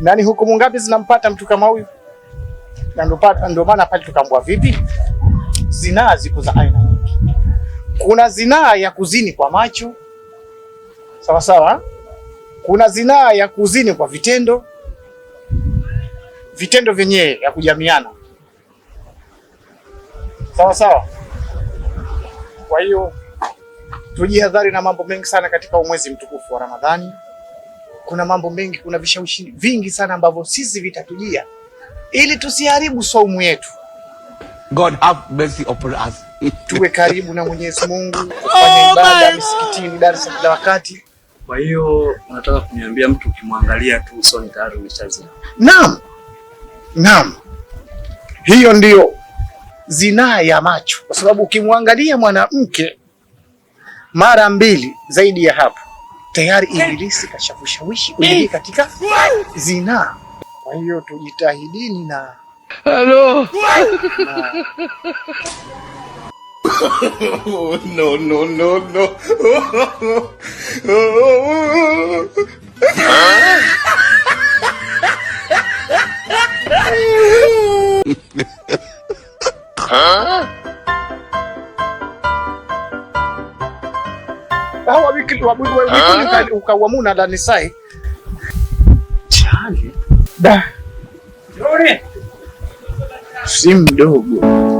nani, hukumu ngapi zinampata mtu kama huyu? Na ndio maana pale tukaambua vipi, zinaa ziko za aina nyingi. Kuna zinaa ya kuzini kwa macho, sawa sawa. Kuna zinaa ya kuzini kwa vitendo, vitendo vyenyewe ya kujamiana, sawa sawa. Kwa hiyo tujihadhari na mambo mengi sana katika mwezi mtukufu wa Ramadhani kuna mambo mengi, kuna vishawishi vingi sana ambavyo sisi vitatujia ili tusiharibu saumu yetu. God have mercy upon us. Tuwe karibu na Mwenyezi Mungu, kufanya oh ibada msikitini, darasa kila wakati. Kwa hiyo unataka kuniambia mtu ukimwangalia tu usoni tayari umeshazina? Naam. Naam. Hiyo ndiyo zinaa ya macho, kwa sababu ukimwangalia mwanamke mara mbili zaidi ya hapo tayari Ibilisi kashakushawishi uingie katika zinaa. Kwa hiyo tujitahidini na Halo. no, no, no, no. Huh? Ah. ukauamuna danisai da si mdogo